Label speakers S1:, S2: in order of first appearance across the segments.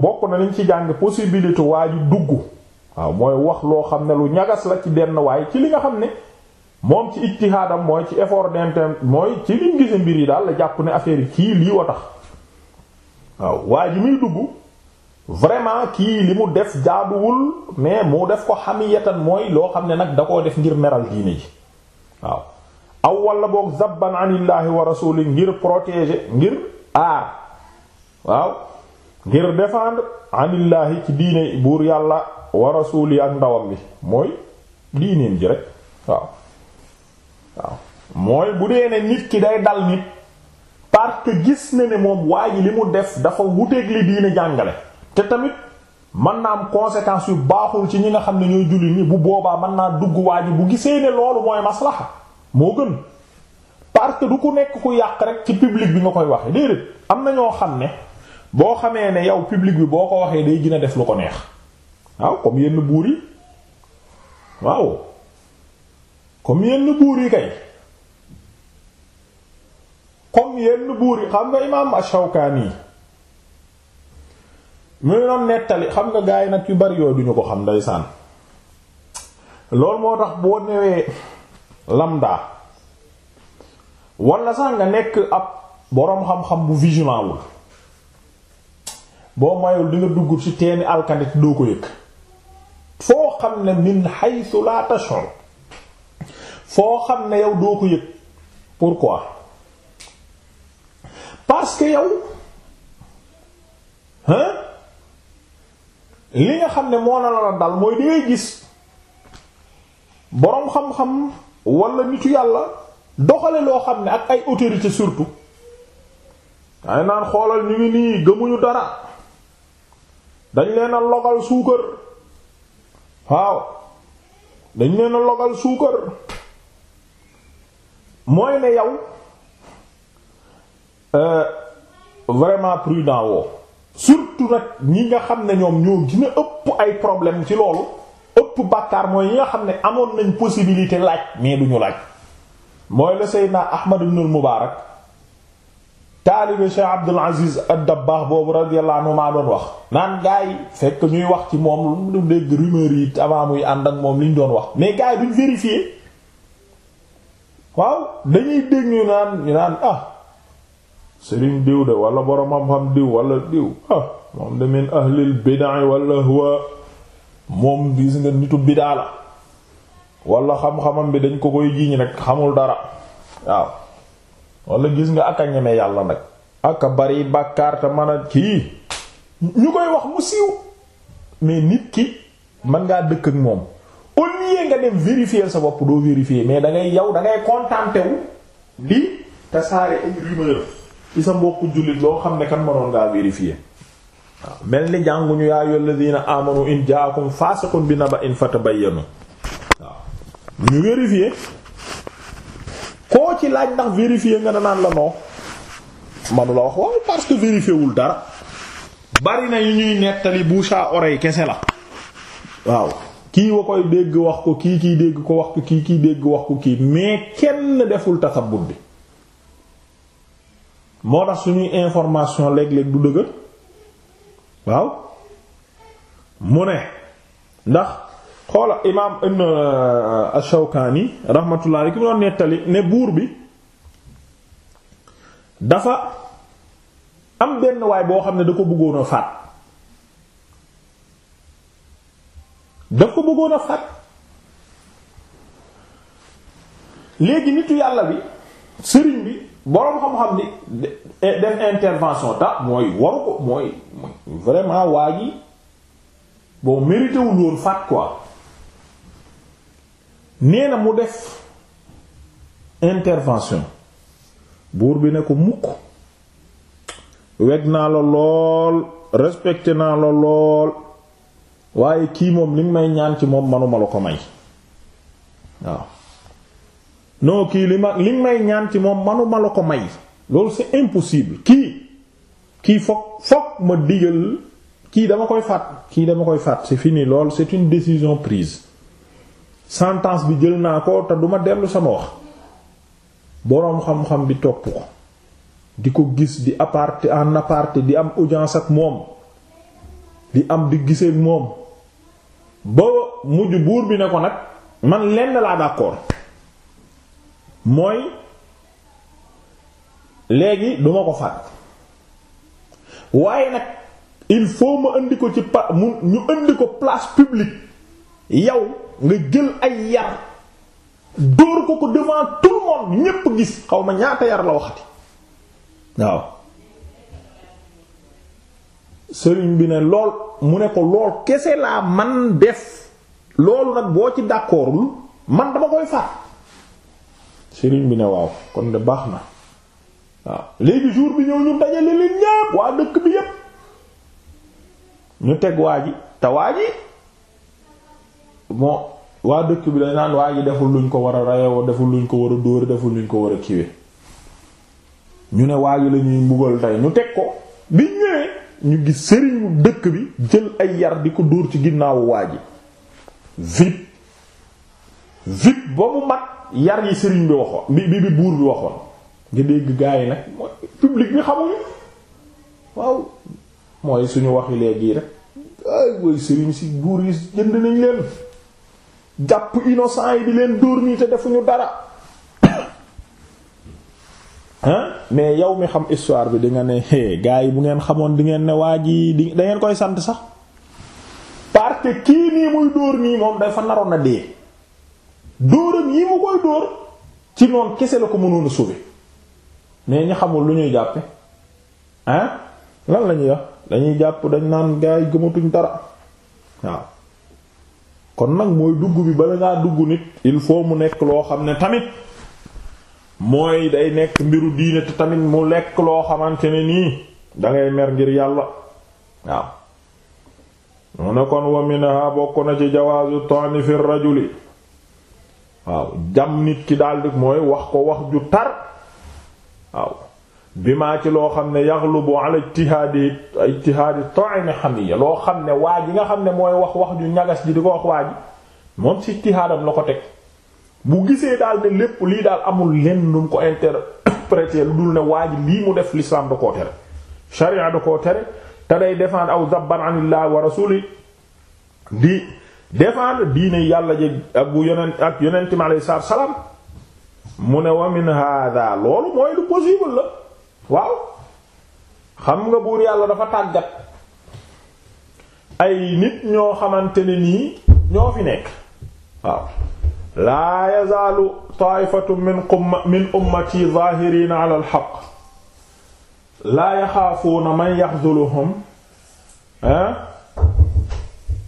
S1: bokk na liñ ci jàng possibilité waa ji dugg waaw mooy wax loo xam ne lu ñagas la ci benn waay ci li nga xam ne moom ci ijtihaadam mooy ci effort d'inter mooy ci liñ mbir yi daal la jàpp ne affaire yi kii lii wa tax waaw waa ji muy dugg vraiment kii li mu def jaaduwul mais mu def ko xamiyatan mooy loo xam ne nag da koo def ngir meral diine ji waaw aw wala boog zabban anillaahi wa rasuli ngir protéger ngir aar waaw ngir défendre anillaahi ci diine buur yàlla wa rasuuli ak ndawam bi mooy diineem ji rek waaw waaw mooy bu dee ne nit ki day dal nit parce gis na ne moom waa ji li mu def dafa wuteeg li diine jàngale te tamit mën naa am conséquences yu baaxul ci ñi nga xam ne ñooy julli ni bu boobaa mën naa dugg waa bu gisee ne loolu mooy maslaxa moo gën parce du ku nekk ku yàq rek ci public bi nga koy wax déedéet am na ñoo xam ne boo xamee ne yow public bi boo ko waxee day gën a def lu ko neex waaw comme yenn buur yi waaw comme yenn buur yi kay comme yenn buur yi xam nga imaam Ashawkaani mu noon nettali xam nga gaay nag yu bari yooyu duñu ko xam ndeysaan loolu moo tax boo newee lambda wala sax nga nekk ab boroom xam-xam bu vigilant boo mayul di nga dugg ci teeni alkandi te doo ko yëg foo xam ne min haythu la tash'ur foo xam ne yow doo ko yëg pourquoi parce que yow hein li nga xam ne moo na la dal mooy di ngay gis boroom xam-xam wala nitu yàlla doxale loo xam ne ak ay autorité surtout ay naan xoolal ñu ngi nii gëmuñu dara dañ leen a logal suukar waaw dañ leen a logal suukar mooy ne yow euh, vraiment prudent woo surtout nag ñi nga xam ne ñoom ñoo gën a ëpp ay problème ci loolu ëpp bàkkaar mooy ñi nga xam ne amoon nañ possibilité laaj mais duñu laaj mooy la Seydina Ahmad ibn al Mubarak taalibe Cheikh Abdul Aziz ad-Dabbaax boobu radiyallahu anhu maa doon wax naan gaa yi fekk ñuy wax ci moom lu mu dégg rumeur yi avant muy ànd ak moom liñ doon wax mais gaa yi duñ vérifier waaw dañuy dégg ñu naan ñu naan ah sëriñ diw de wala borom xam-xam diw wala diw ah moom de min ahlil bid'a wala huwa moom gis nga nitu bid'a la wala xam-xamam bi dañ ko koy jiiñ rek xamul dara waaw wala gis nga ak a ñeme yàlla nag ak a bari ba te mën a kii ñu koy wax mu siiw mais nit ki mën ngaa dëkk ak moom au lieu nga dem vérifier sa bopp doo vérifier mais dangay ngay yow da ngay contenté wu lii te saare ay rumeur ci sa mbokku jullit loo xam ne kan mënoon ngaa vérifier waaw mel ni ñu yaa ayyuhal ladina amanu in jaakum fasiqun bi ba fatabayyanu waaw ñu vérifier koo ci laaj ndax vérifier nga danaan la non manu wax waaw parce que vérifier wul dara bari na yu ñuy nettali bouche à kese la waaw kii wa koy dégg wax ko kii kiy dégg ko wax ko kii dégg wax ko kii mais kenn deful tasabut bi moo tax suñuy information léeg-léeg du dëgër waaw mu ne ndax xoola imaam ibn euh, Ashawkaani rahmatullah alayhi ki nettali ne buur bi dafa am benn waay boo xam ne da ko bëggoon a faat daf ko bëggoon faat léegi nitu yàlla bi sëriñ bi boroom xam-xam bi def intervention ta mooy waru ko mooy vraiment waa ji bon mérité wul faat quoi nee na mu def intervention buur bi ne ko mukk weg naa la lool respecté naa la lool waaye kii moom li may ci moom manuma la ko may waaw non kii li ma li may ñaan ci moom manuma la ko may loolu c'est impossible kii kii fokk fokk ma digal kii dama koy faat kii dama koy faat c'est fini lool c'est une décision prise sentence bi jël naa ko te duma dellu sama wax boroom xam-xam bi topp ko di ko gis di aparté en aparté di am audience ak moom di am di gisee moom ba mujj buur bi ne ko nag man lenn laa d'accord mooy léegi duma ko faat waaye nag il faut ma indi ko ci pa mu ñu indi ko place publique yow nga jël ay yar dóor ko ko devant tout le monde ñépp gis xaw ma ñaata yar la waxati waaw sëriñ bi ne lool mu ne ko lool kese laa man def loolu nag boo ci d'accordul man dama koy faat sëriñ bi ne waaw kon de baax na waaw léegi jour bi ñëw ñu dajale leen ñépp waa dëkk bi yépp ñu teg waa ji te waa ji bon waa dëkk bi dañ naan waa ji deful luñ ko war a rayoo deful luñ ko war a dóor deful luñ ko war a kiwe ñu ne waa ji la ñuy mbugal tey ñu teg ko bi ñëwee ñu gis sëriñu dëkk bi jël ay yar di ko dóor ci ginnaawu waa ji vite vite ba mu mat yar yi sëriñ bi waxoon bi bi buur bi waxoon nga dégg gaa yi nag mooy public bi xamuñu waaw mooy suñu waxi léegi rek ay way sëriñ si buur yi jënd nañ leen jàpp innocent yi di leen dóor nii te defuñu dara hein mais yow mi xam istoire bi dinga nga ne gars yi bu ngeen xamoon di ngeen ne waa ji di da ngeen koy sant sax parce que kii nii muy dóor nii moom dafa naroon na dee dóoram yi mu koy dóor ci noon kese la ko mënoon a sauver mais ñi xamul lu ñuy jàppe hein lan la ñuy wax dañuy jàpp dañ naan gars gëmatuñ dara waaw kon nag mooy dugg bi bala ngaa dugg nit il faut mu nekk loo xam ne tamit mooy day nekk mbiru diine te tamit mu lekk loo xamante ne nii dangay mer ngir yàlla waaw mu ne kon wa minha bokk na ci jawaazu ta'ni fi rajuli waaw jam nit ki daldi mooy wax ko wax ju tar waaw bi maa ci loo xam ne yaxlubu ala ijtihaadi ijtihaadi ta'in hamiya loo xam ne waa ji nga xam ne mooy wax wax ju ñagas ji di ko wax waa moom ci ijtihaadam la ko bu gisee daal ne lépp lii daal amul lenn nu mu ko interpréter lu dul ne waa lii mu def l'islam da koo tere sharia da day défendre aw zabban anillah wa rasuli di défendre diine yàlla ji ak bu yonent ak yonent mi alayhi salaam mu ne wa min hada loolu mooy lu possible la waaw xam nga buur yàlla dafa tàggat ay nit ñoo xamante ni nii ñoo fi nekk waaw laa yazaalu taifatu min umma min ummati zaahirina ala alxaq laa yaxaafuuna man yaxduluhum ah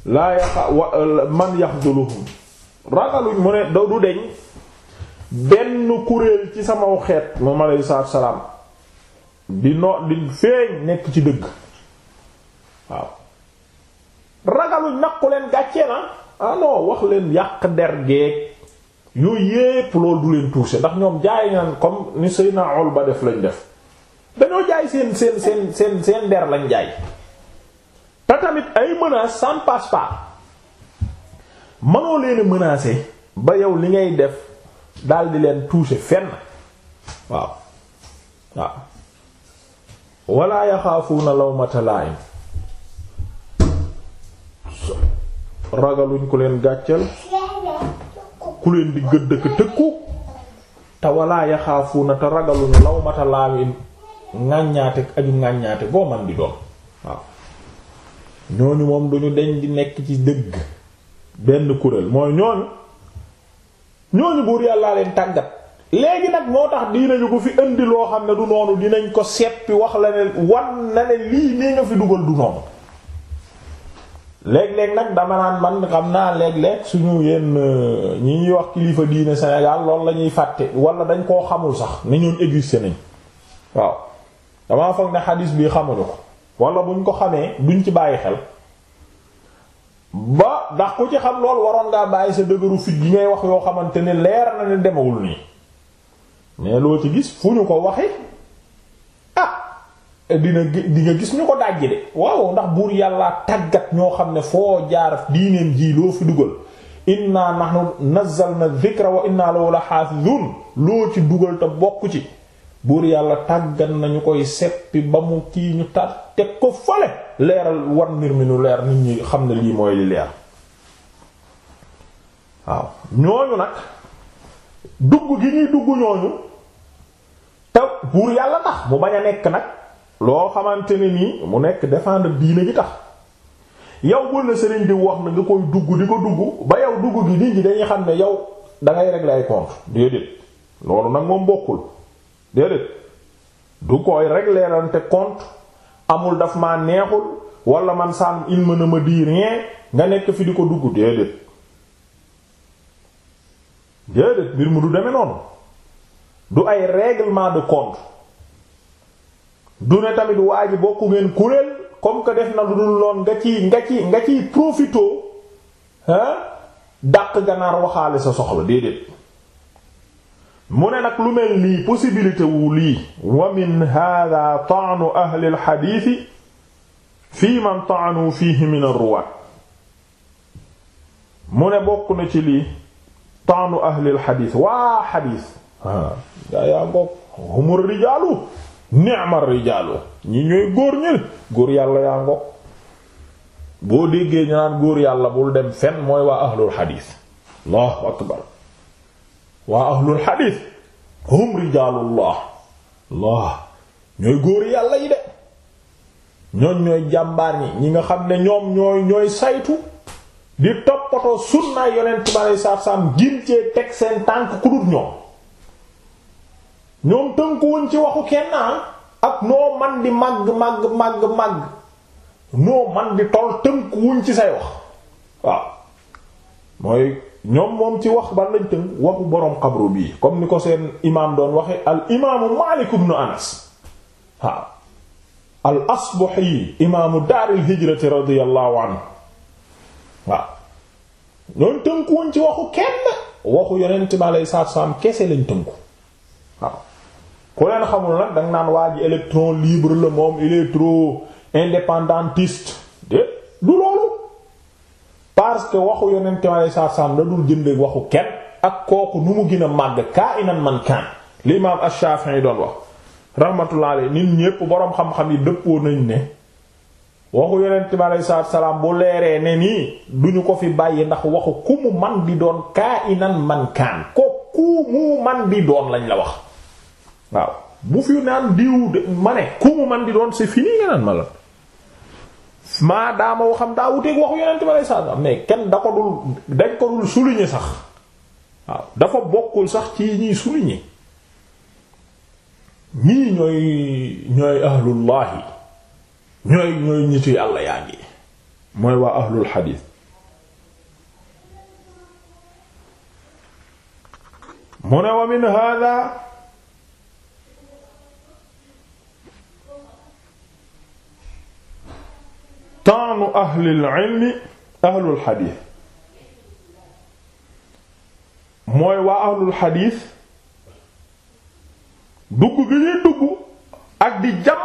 S1: laa yaxa man yaxduluhum ragaluñ mu ne du deñ benn kuréel ci sama xeet moom aleyhi salaatu salaam di no di feeñ nekk ci dëgg waaw ragaluñ naqu leen gàccee na ah, ah wax leen yàq der geeg yooyu yépp loolu du leen touché ndax ñoom jaay naan comme ni sëy naa ol ba def lañ def dañoo jaay seen seen seen seen der lañ jaay te tamit ay menaces ça ne passe mënoo leen a ba yow li ngay def daldi leen touché fenn waaw waaw wala yaxaafuuna lawmata laa'im ragaluñ ku leen gàcceel ku leen di gëdd ak tëkku te wala yaxaafuuna te ragaluñ lawmata laa'im ŋàññaate aju ŋàññaate boo man di doon waaw ñooñu moom duñu deñ di nekk ci dëgg benn kuréel mooy ñooñu ñooñu buur yàllaa leen tàggat léegi nag moo tax diina ñu ko fi indi loo xam ne du noonu dinañ ko seppi wax la ne wan na ne lii nee nga fi dugal du noonu léeg-léeg nag dama naan man xam naa leeg léeg suñu yenn euh, ñi ñuy wax kilifa diine Sénégal loolu la ñuy fàtte wala dañ koo xamul sax ni ñoon existé nañ waaw damaa foog ne xadis bi xamuñu ko wala buñ ko xamee duñ ci bàyyi xel ba ndax ku ci xam loolu waroon ngaa bàyyi sa dëgëru fit gi ngay wax yoo xamante ne leer na ne demawul mais loo ci gis fu ñu ko waxi ah dina di nga gis ñu ko dajji de waaw ndax buur yàlla tàggat ñoo xam ne foo jaar diineem ji loo fi dugal inna nahnu nazzalna dhikra wa inna lahu la haafizun loo ci dugal te bokk ci buur yàlla tàggat nañu koy seppi ba mu kii ñu tar teg ko fale leeral war mbir mi nu leer nit ñi xam ne lii mooy leer waaw ñooñu nag dugg gi ñuy dugg ñooñu te buur yàlla tax mu bañ a nekk nag loo xamante ni nii mu nekk défendre diine gi tax yow bul na sëriñ di wax na nga koy dugg di ko dugg ba yow dugg gi nit ñi dañuy xam ne yow dangay régler ay compte déedéet loolu nag moom bokkul déedéet du koy régler lante compte amul daf ma neexul walla man sàmm il mën a ma di rien nga nekk fi di ko dugg déedéet déedéet mbir mu du deme noonu du ay règlement de compte du ne tamit waa ji bokku ngeen kuréel comme que def na lu dul loon nga ci nga ci nga ciy profitoo dàq ganaar waxaale soxla déedéet mu ne nag lu mel nii possibilité wu lii wa min hada taanu ahli alxadiisi fii man taanu fiihi min ar mu ne bokk na ci lii taanu ahli alxadiis waa xadiis ah gaa yaa ngoog humur rijaalu ni'mar rijaalu ñi ñooy góor ñi góor yàlla yaa ngoog boo déggee ñu naan góor yàlla bul dem fen mooy waa ahlul xadiis allahu akbar hum rijaalullah allah ñooy góor yàlla yi de ñoon ñooy jàmbaar ñi ñi nga xam ne ñoom ñooy ñooy saytu di toppatoo sunnaay yonent bi aleyhi salaatu salaam gin cee teg seen tànk ku ñoom ñoom wuñ ci waxu kenn ah, ak noo man di màgg màgg màgg màgg noo man di toll tënkuwuñ ci say wax waaw mooy ñoom moom ci wax ba lañ tënk waxu boroom xabru bii comme ni ko seen imaam doon waxe al imaamu Maalik ibnu Anas waaw al asbohi imaamu daaril hijrati radiyallahu anhu waaw ñoom tënkuwuñ ci waxu kenn waxu yonent bi alayhi salaatu salaam kese lañ tënku waaw ku leen xamul nag danga naan waa ji électron libre la moom il est de du loolu parce que waxu yonente mi alei satu salaam da dul jëndee waxu kenn ak kooku nu mu gina a màgg kaa inan man kaan li imaam Ash-Shafi'i doon wax rahmatullah nit ñépp boroom xam-xam yi dëppoo nañ ne waxu yonente bi alei salaam bu leeree ne nii duñu ko fi bàyyi ndax waxu ku mu man di doon kaa inan man kaan ko ku mu man di doon lañ la wax waaw bu fi naan diw de ma ne ku mu man di doon c'est fini nga naan ma la maa daama waxam daa wuteeg waxu yonent bi aleyhi salaatu wa mais kenn da ko dul dañ ko dul souligner sax waaw dafa bokkul sax ci ñiy souligner ñii ñooy ñooy ahlullahi ñooy ñooy ñitu yàlla yaa ngi mooy waa ahlul xadiis mu ne wa min hada taanu ahlil ilmi ahlul xadiis mooy waa ahlul xadiis dugg gi ñuy dugg ak di jam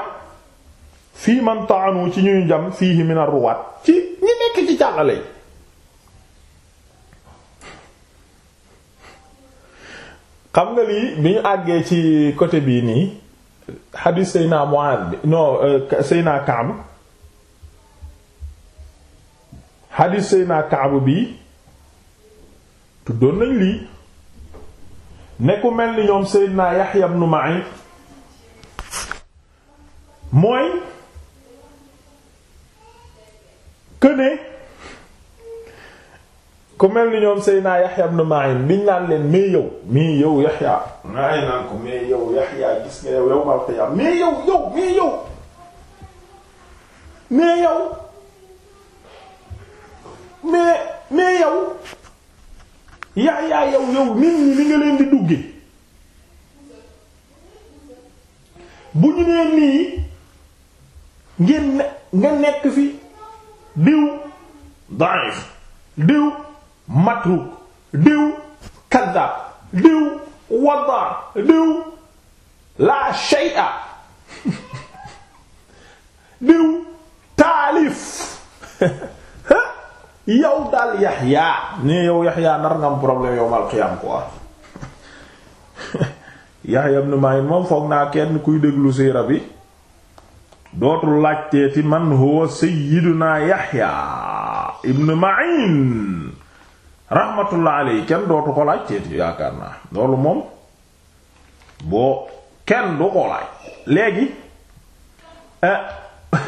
S1: fii man taanu ci ñuy jam fiihi min ar-ruwaat ci ñi nekk ci jàllale yi xam nga lii bi ñu àggee ci côté bii nii xadiis Seyna Muaad bi non euh, Seyna Kaab xadiis naa Kaabu bi tuddoon nañ lii ne ku mel ni ñoom Seydina Yaxya ibnu Ma'iin mooy këne ku mel ni ñoom Seydina Yaxya ibnu Ma'iin biñ naan leen mais yow mais yow Yaxya naa naan ko mais yow Yaxya gis nga yow yow mal xiyaam mais yow yow mais yow mais mais yow yaa yaa yow yow nit ñi ni nga leen di dugge bu ñu nee nii ngeen nga nekk fi diw daif diw matruk diw kaddaab diw wadda diw la shay'a diw taalif yow daal yaxyaa ne yow yaxyaa nar problème yow mal xiyaam quoi yaxya ibn ma'in moom foog naa kenn kuy déglu siira bi dootul laajteeti man huwa sayyiduna yaxya ibn ma'in rahmatullah alayhi kenn dootu ko laajteeti yaakaar naa loolu moom boo kenn du ko léegi eh,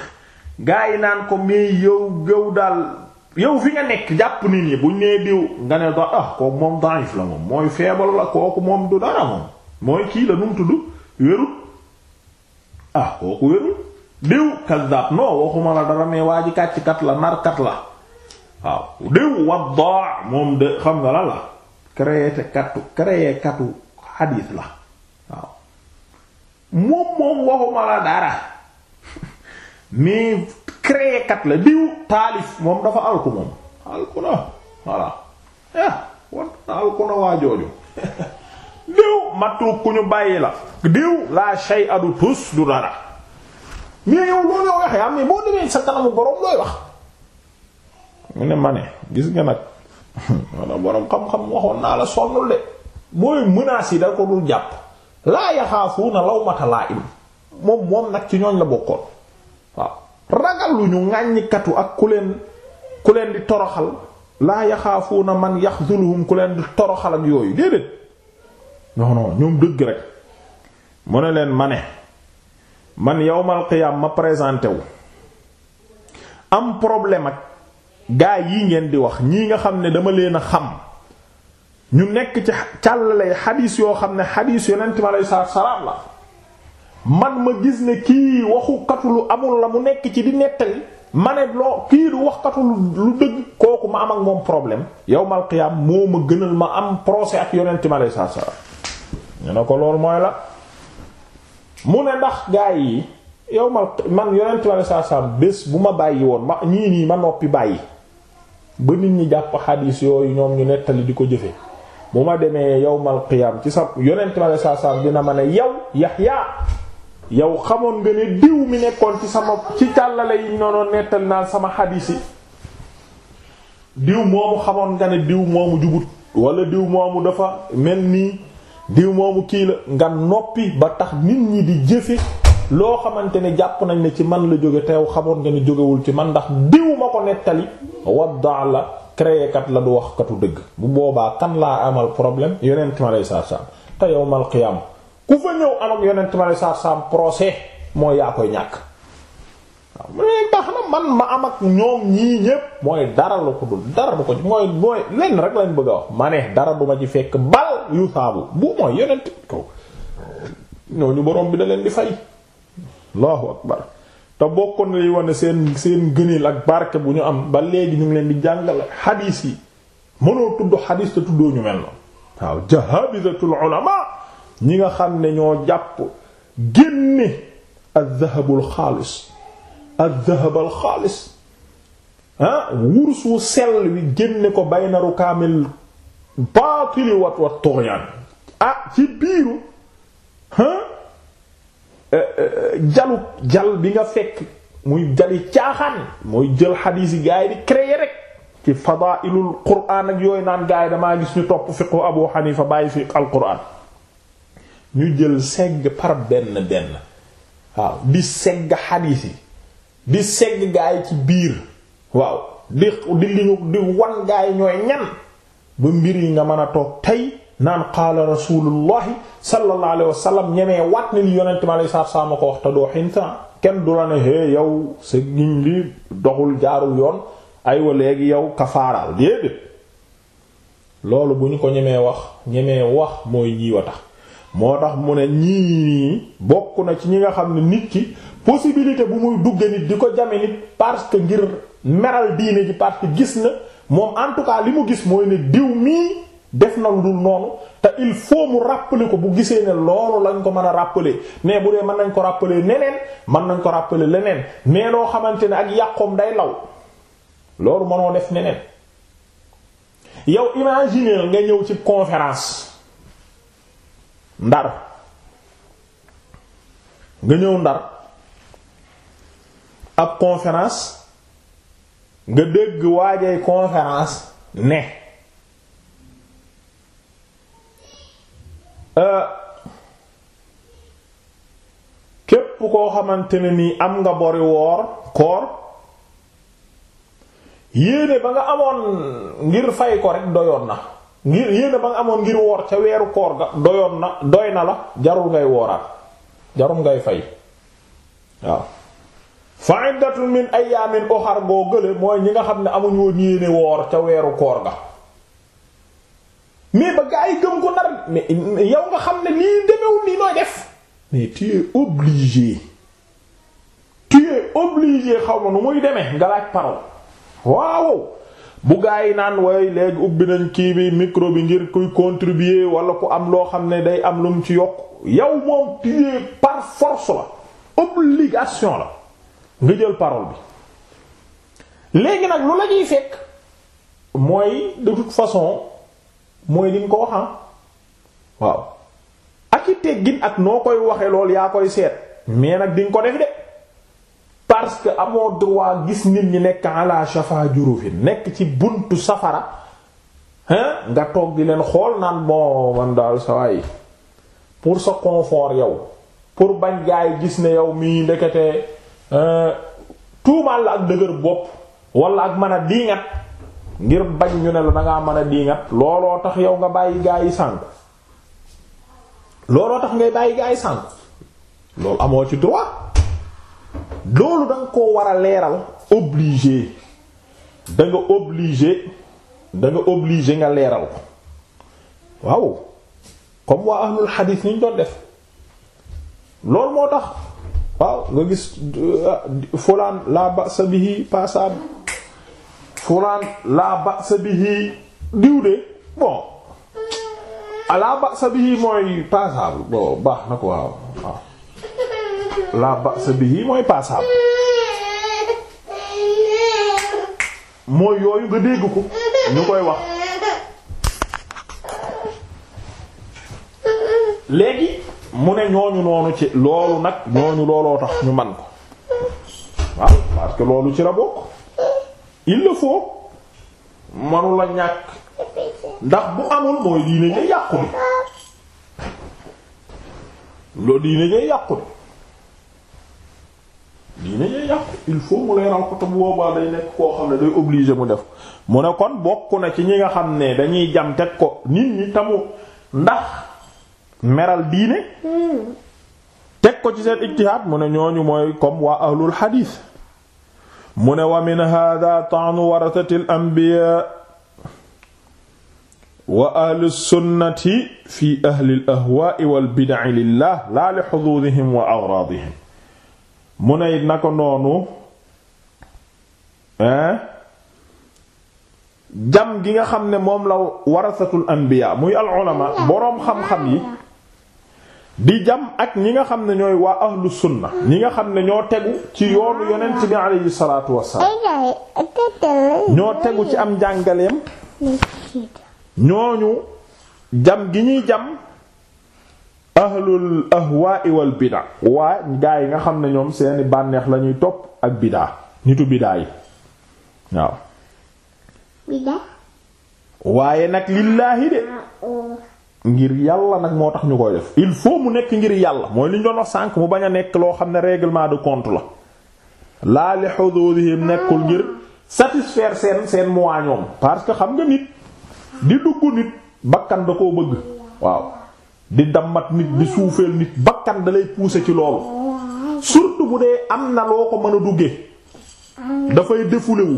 S1: gaa yi naan ko mais yow yow daal yow fi nga nekk jàpp nit ñi buñ nee diw nga ne da ah kooku moom daif la la kooku moom du dara moom mooy la nu mu tudd ah, waxuma la dara mais créé kat la diw taalif moom dafa alku moom alku na eh, waa jooju diw matruk ku ñu bàyyi la diw la shay adu tus du dara mais yow loolu yow waxee am ni boo demee sa kanamu boroom looy wax mu ne mane gis nga nag walla boroom xam-xam waxoon naa la sonnul de mooy menaces yi da ko dul jàpp laa yaxaafu na law mata laa im moom moom nag ci ñooñ la bokkoon waaw ragal lu ñu ŋàññikatu ak ku leen ku leen di toroxal laa yaxaafuuna man yaxzuluhum ku leen di toroxal ak yooyu déedéet non non ñoom dëgg rek mu ne leen ma ne man yawmal qiyaam ma présenté wu am problème ak gaa yi ngeen di wax ñii nga xam ne dama leen a xam ñu nekk ci càllale xadiis yoo xam ne xadiis yonent bi alayhi salaatu wa salaam la man ma gis ne kii waxukatu lu amul la mu nekk ci di nettali ma ne loo kii du waxkatu lu dëgg kooku ma am ak moom problème yowmal qiyaam moo ma gënal ma am procès ak yonent mi alayhi salaatu ne ko loolu mooy la ndax gaa yi yowmal man yonent mi alayhi bés bu ma bàyyi woon ma ñii nii ma noppi bàyyi ba nit ñi jàpp xadiis yooyu ñoom ñu nettali di ko jëfe bu ma demee yowmal qiyaam ci sa yonent mi alayhi salaatu salaam dina ma ne yow Yaxya yow xamoon nga ne diw mi nekkoon ci sama ci càllale yi noonu nettal naa sama xadiis diw moomu xamoon nga ne diw moomu jubut wala diw moomu dafa mel nii diw moomu kii la nga noppi ba tax nit ñi di jëfe loo xamante ne jàpp nañ ne ci man la jóge teew xamoon nga ne jógewul ci man ndax diw ma ko nettali waddaa la créekat la du wax katu dëgg bu boobaa kan laa amal problème yeneen ma lay saar saar te yowmal qiyaam ku fa ñëw anam yonent ma ne saar-saam procès mooy yaa koy ñàkk waaw mu ne baax na man ma am ak ñoom ñii ñépp mooy dara la ko dul dara du ko ci mooy mooy lenn rek lañ bëgg a wax ma ne dara du ma ci fekk bal yu saabu bu mooy yonent kaw ñooñu borom bi da leen di fay allahu akbar te bokkoon lay wane seen seen gëneel ak barke bu ñu am ba léegi ñu ngi leen di jàngale xadiis yi mënoo tudd xadiis te tuddoo ñu mel noonu waaw jahabizatul ulama ñi nga xam ne ñoo jàpp génne addahabul xaalis addahabal xaalis ah wurus wu sel wi génne ko bayna rukaamil baatili wat wat tughyan ah ci biiru ah, eh, eh, jalub jal bi nga fekk muy jali caaxaan mooy jël xadiis yi gaa yi di créer rek ci fadailul quraan ak yooyu naan gaa yi damaa gis ñu topp fiqu abu xanifa bàyyi fi al quraan ñu jël segg par benn benn waaw di segg xadiis di segg gaay ci biir waaw di di li ñu di wan gaay ñooy ñan ba mbir yi nga mën a toog tey naan qaala rasulullahi sallallahu alayhi wasallam ñemee wat ni li yonente mi alei salaam a ko wax te doo xintaan kenn du la ne hé yow sa giñ li doxul jaarul yoon aywa léegi yow kafaaral déedéet loolu bu ñu ko ñemee wax ñemee wax mooy ñiiwa tax moo tax mu ne ñii nii bokk na ci ñi nga xam ne nit ki possibilité bu muy dugge nit di ko jame nit parce que ngir meral diine ji parce que gis na moom en tout li mu gis mooy ne diw mii def na lu dul noonu te il faut mu rappeler ko bu gisee ne loolu lañ ko mën a rappeler mais bu dee mën nañ ko rappeler neneen mën nañ ko rappeler leneen mais loo xamante ne ak yàqoom day law loolu mënoo def neneen yow imaginer nga ñëw ci conférence ndar nga ñëw ndar ab conference nga dégg waajay conférence ne euh, képp koo xamante ne nii am nga bori woor koor yéene ba nga amoon ngir fay ko rek doyoon na ngir yéene ba nga amoon ngir woor ca weeru koor ga doyoon na doy na la jarul ngay wooraat jarul ngay fay waaw fa iddatun min ayyamin ukhar boo gële mooy ñi nga xam ne amuñ woon yéene woor ca weeru koor ga mais ba gaa yi gëm ko nar mais nga xam ne nii demewul nii nooy def mais tu es obligé tu xaw ma nu muy demee nga laaj parole waaw bu gaa yi naan way léegi ubbi nañ kii bi micro bi ngir kuy contribuer wala ku am loo xam ne day am lum ci yokk yow moom tiyee par force la obligation la nga jël parole bi léegi nag lu la fekk mooy de toute façon mooy li ko waxam ah. waaw ak i teggin ak noo koy waxe lool yaa koy seet mais nag di ko def de parce que amoo droit gis nit ñi nekk ala shafa jurufin nekk ci buntu safara hein nga toog leen xool naan bon man daal saa yi pour sa confort yow pour bañ gaay gis ne yow mii ndekete euh, tuumaal la ak dëgër bopp wala ak mën a diingat ngir bañ ñu ne la dangaa man a diingat looloo tax yow nga bàyyi gaay yi sànk looloo tax ngay bàyyi gaay yi sànk amoo ci droit loolu da ko war a leeral obligé da nga obligé da nga obligé nga leeral ko waaw comme waa ahlul xadiis ni doon def loolu moo tax waaw nga gis euh, fulaan la ba'sa bihi passab fulaan la ba'sa bihi diw de bon ala ba'sa bihi mooy passable bon baax na ko waaw la ba'sa bihi mooy passable mooy yooyu nga dégg ko ñu koy wax léegi mu ne ñooñu noonu ci loolu nag ñooñu looloo tax ñu man ko waaw parce que loolu ci la bokk il le faut manu la ñàkk ndax bu amul mooy diine jay yàqu bi loolu diine jay yàqu bi diine yee yàqu il faut mu leeral ko te boobaa day nekk koo xam ne day obligé mu def mu ne kon bokk na ci ñi nga xam ne dañuy jam teg ko nit ñi tamu ndax meral diine teg ko ci seen ijtihaad mu ne ñooñu mooy comme waa ahlul xadiis mu ne wa min hada ta'nu warasati al anbiya wa ahli sunnati fi ahli al ahwaa'i wal bid'i lillah la li xuduudihim wa agradihim mu yi it na ko noonu jam gi nga xam ne moom la warasatul anbiya muy al ulama boroom xam-xam yi di jam ak ñi nga xam ne ñooy waa ahlu sunna ñi nga xam ne ñoo tegu ci yoonu yonent bi alayhi salaatu wassalaam ñoo tegu ci am njàngaleem ñooñu jam gi ñuy jam ahlul ahwaa'i wal bida yi nga xam ne ñoom seeni bànneex lañuy topp ak bidaa nitu bidaa yi waaye nag lillaahi de ah, oh. ngir yàlla nag moo tax ñu koy def il faut mu nekk ngir yàlla mooy li ñu doon wax sànk mu bañ a nekk loo xam ne règlement de compte la laale li hududihim nekkul ngir satisfaire seen seen mois ñoom parce que xam nga nit di dugg nit bakkan da koo bëgg waaw di dammat nit di suufeel nit bakkan da lay pousser ci loolu surtout bu dee am na loo ko mën a duggee dafay défoulé wu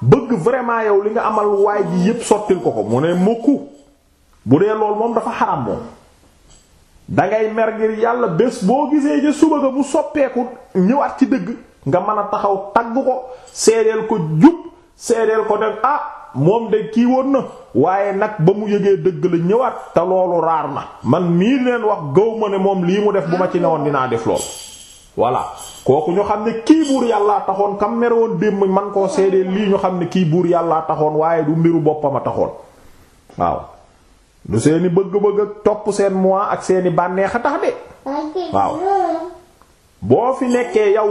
S1: bëgg vraiment yow li nga amal waay ji yépp sottil ko ko mu ne mokku bu dee loolu moom dafa xaram moom dangay mer ngir yàlla bés boo gisee ca suba ga bu soppeeku ñëwaat ci dëgg nga mën a taxaw tagg ko seedeel ko jub seedeel ko def a ah, moom de kii woon na waaye nag ba mu yëgee dëgg la ñëwaat te loolu raar na man mii leen wax gaw ma ne moom lii mu def bu ma ci newoon dinaa def lool voilà kooku ñu xam ne kii buur yàllaa taxoon kam mere woon démb man koo seedee lii ñu xam ne kii buur yàllaa taxoon waaye du mbiru boppam a taxoon waaw du seeni bëgg-bëgg ak topp seen moi ak seeni bànneex a tax de waaw boo fi nekkee yow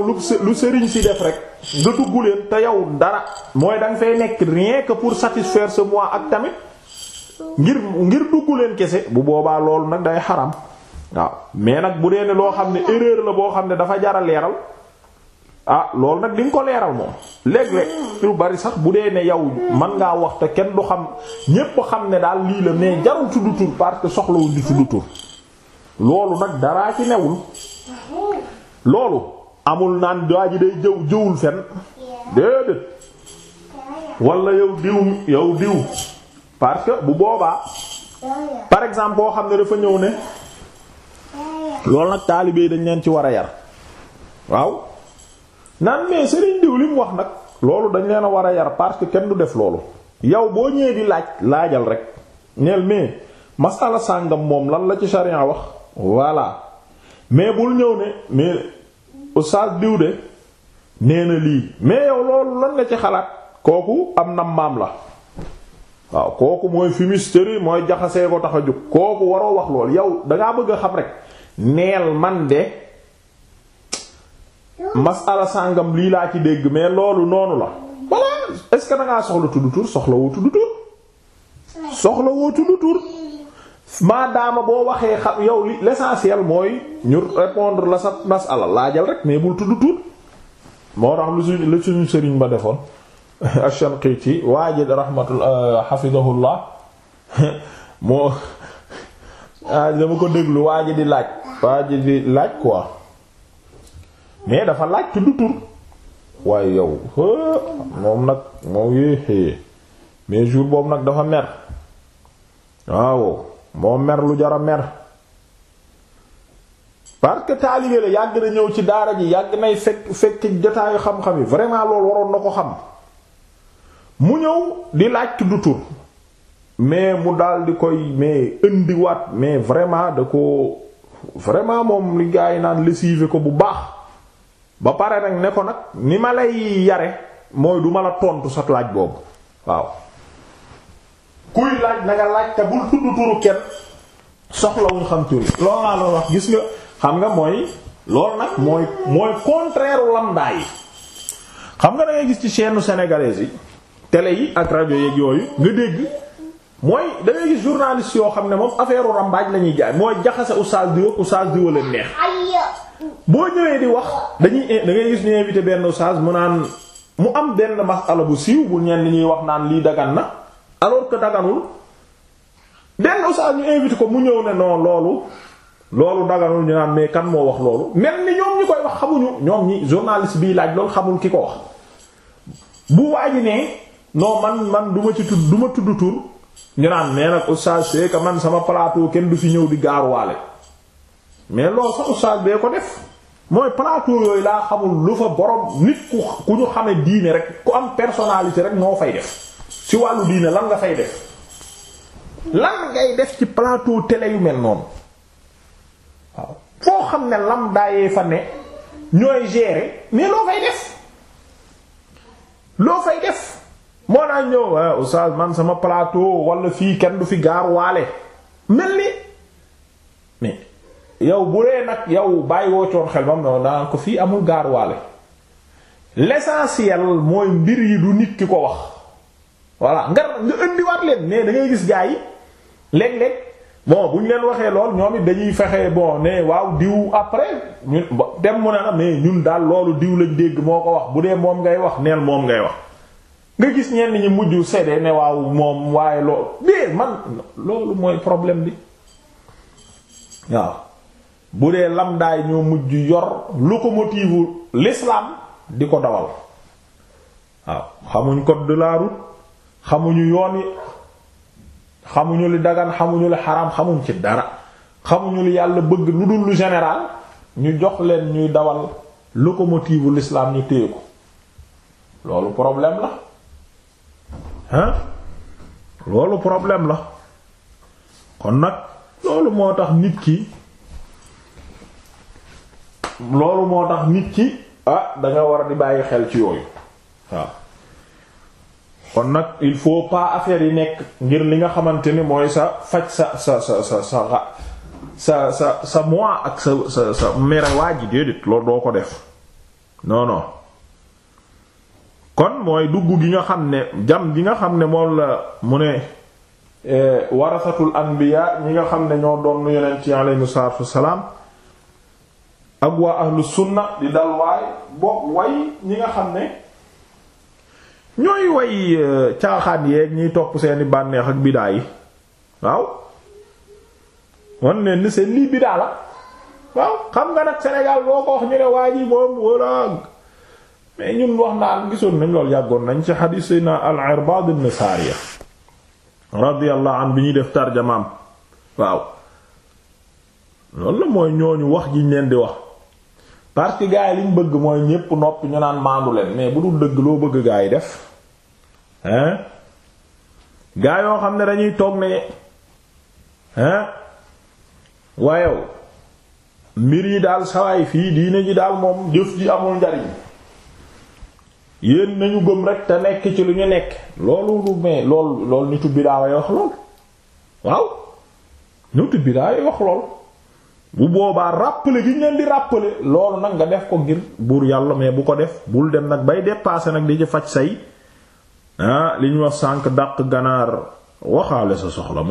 S1: lu sëriñ si def rek nga dugg leen te yow dara mooy da nga nekk rien que pour satisfaire ce mois ak tamit ngir ngir dugg leen kese bu boobaa loolu nag day xaram waaw mais nag bu dee ne loo xam ne erreur la boo xam ne dafa jar a leeral ah loolu nag di ko leeral moom léeg lu bari sax bu dee ne yow man ngaa wax te kenn du xam ñépp xam ne daal lii la mais jarul tudd tur parce que soxlawul di tudd tur loolu nag daraa ci newul. loolu amul naan waa ji day jëw jëwul fen déedéet wala yow diw yow diw parce que bu boobaa par exemple boo xam ne dafa ñëw ne loolu nag taalibe yi dañ leen ci war a yar waaw naan mais Serigne diw li mu wax nag loolu dañ leen a war a yar parce que kenn du def loolu yow boo ñëwee di laaj laajal rek neel mais masala sàngam moom lan la ci sharia wax voilà mais bul ñëw ne mais oustaz diw de nee na lii mais yow loolu lan nga ci xalaat kooku am nammaam la waaw kooku mooy fumisterie mooy jaxasee ko tax a jóg kooku waroo wax lool yow dangaa bëgg a xam rek neel man de masala sàngam lii laa ci dégg mais loolu noonu la voilà est-ce que dangaa soxla tudd soxla woo tudd soxla woo tudd maadaama boo waxee xam yow li l'essentiel mooy ñu répondre la sa masala laajal rek mais bul tudd tuut moo tax lu suñu sëriñ ba defoon Ash-Shanqiti waa ji rahmatul euh, hafizahullah moo ah, dama ko déglu waa di laaj waaj di laaj quoi mais dafa laaj tudd tur waaye yow moom nag moom yéexee mais jour boobu nag dafa mer waaw moo mer lu jara mer parce que taalibe la yàgg na ñëw ci daara ji yàgg nay fekk fekk jotaayu xam-xam yi vraiment loolu waroon na ko xam mu ñëw di laaj du tur mais mu daal di koy mais indiwaat mais vraiment da ko vraiment moom li yi naan lessivé ko bu baax ba pare nag ne ko nag ni ma lay yare mooy du ma la tontu sa laaj boobu waaw. kuy laaj na nga laaj te bul tudd turu kenn soxlawuñ xam turi loolu laa doon wax gis nga xam nga mooy loolu nag mooy mooy contraire lambda yi xam nga dangay gis ci seenu sénégalaise yi télé yi ak rajo yeeg yooyu nga dégg mooy da ngay gis journaliste yoo xam ne moom affaire rambaaj la ñuy jaay mooy jaxase oustaz diw ak oustaz diw leen neex. boo ñëwee di wax dañuy eh, da ngay gis ñu invité benn oustaz mu naan mu am benn masala bu siiw bu ñenn ñuy wax naan lii dagan na. alors que daganul benn oustaz ñu invité ko mu ñëw ne non loolu loolu daganul ñu naan mais kan moo wax loolu mel ni ñoom ñu koy wax xamuñu ñoom ñi journaliste biy laaj lool xamul ki ko wax bu waaji ne non man man duma ci tudd du ma tudd tur ñu naan mais nag oustaz c'est man sama plateau kenn du fi ñëw di gaaruwaale mais loolu sax oustaz bee ko def mooy plateau yooyu laa xamul lu fa borom nit ku ku ñu xame diine rek ku am personnalité rek moo fay def si wàllu diine lan nga fay def lan ngay def ci plateau télé yu mel noonu waaw foo xam ne lam daayee fa ne ñooy gérer mais loo fay def loo fay def moo naa ñëw waaw ah, oustaz man sama palaato walla fii kenn du fi gaar waale mel ni mais yow bu dee nag yow bàyyi woo coon xel mam no daan ah, ko fii amul gaar waale l'essentiel mooy mbir yi du nit ki ko wax voilà nga nga indiwaat leen mais da gis gaa yi léeg-léeg bon bu ñu leen waxee lool ñoom it dañuy fexe bon ne waaw diw après ñun dem mu ne la mais ñun daal loolu diw lañ dégg moo ko wax bu dee moom ngay wax neen moom ngay wax. nga gis ñenn ñi mujj seede ne waaw moom waaye loolu dee man loolu mooy problème bi waaw bu dee lamdaay ñoo mujj yor locomotive l'islam di ko dawal waaw xamuñ code de xamuñu yoon yi xamuñu li dagan xamuñu li xaraam xamuñ ci dara xamuñu li yàlla bëgg lu dul lu général ñu jox leen ñuy dawal locomotive l'islam ñu téye ko loolu problème la hein loolu problème la kon nag loolu moo tax nit ki loolu moo tax nit ki ah danga war a di bàyyi xel ci yooyu waaw kon nag il faut pas affaire yi nekk ngir li nga xamante ni mooy sa faj sa sa sa sa sa sa ak sa sa sa mere waa ji déedéet doo ko def non kon mooy dugg gi nga xam ne jam gi nga xam ne moom la mu ne e, warasatul anbiya ñi nga xam ne ñoo doon yonent yi aleyhimu salaatu wassalaam ak waa ahlu sunna di dal waay boobu way ñi nga xam ne ñooy way euh, caaxaan yeeg ñiy topp seeni bànneex ak bidaa yi waaw wan ni seen lii bidaa la waaw xam nga nag Sénégal boo ko wax ñu ne waa ji moom walla mais ñun wax naan gisoon nañ loolu yàggoon nañ ci xadiis sayna al-Irbaad ibn Saariya radiyallahu anhu bi ñuy def tarjamaam waaw loolu la mooy ñooñu wax jiñ leen di wax parce que gars yi liñ bëgg mooy ñépp noppi ñu naan maandu leen mais bu dul dëgg loo bëgg gars def hein gaa yoo xam ne dañuy toog ne hein waayow mbir yi daal sawaay fii diine ji daal moom jëf ji amul njariñ yéen nañu gëm rek te nekk ci lu ñu nekk loolu lu mais lool lool nitu bidaa way wax lool waaw nitu bidaa wax lool bu boobaa rappeler gi ñu leen di rappeler loolu nag nga def ko ngir buur yàlla mais bu ko def bul dem nag bay dépasser nag di ci faj say ah li ñu wax sànq dàq ganaar waxaale sa soxla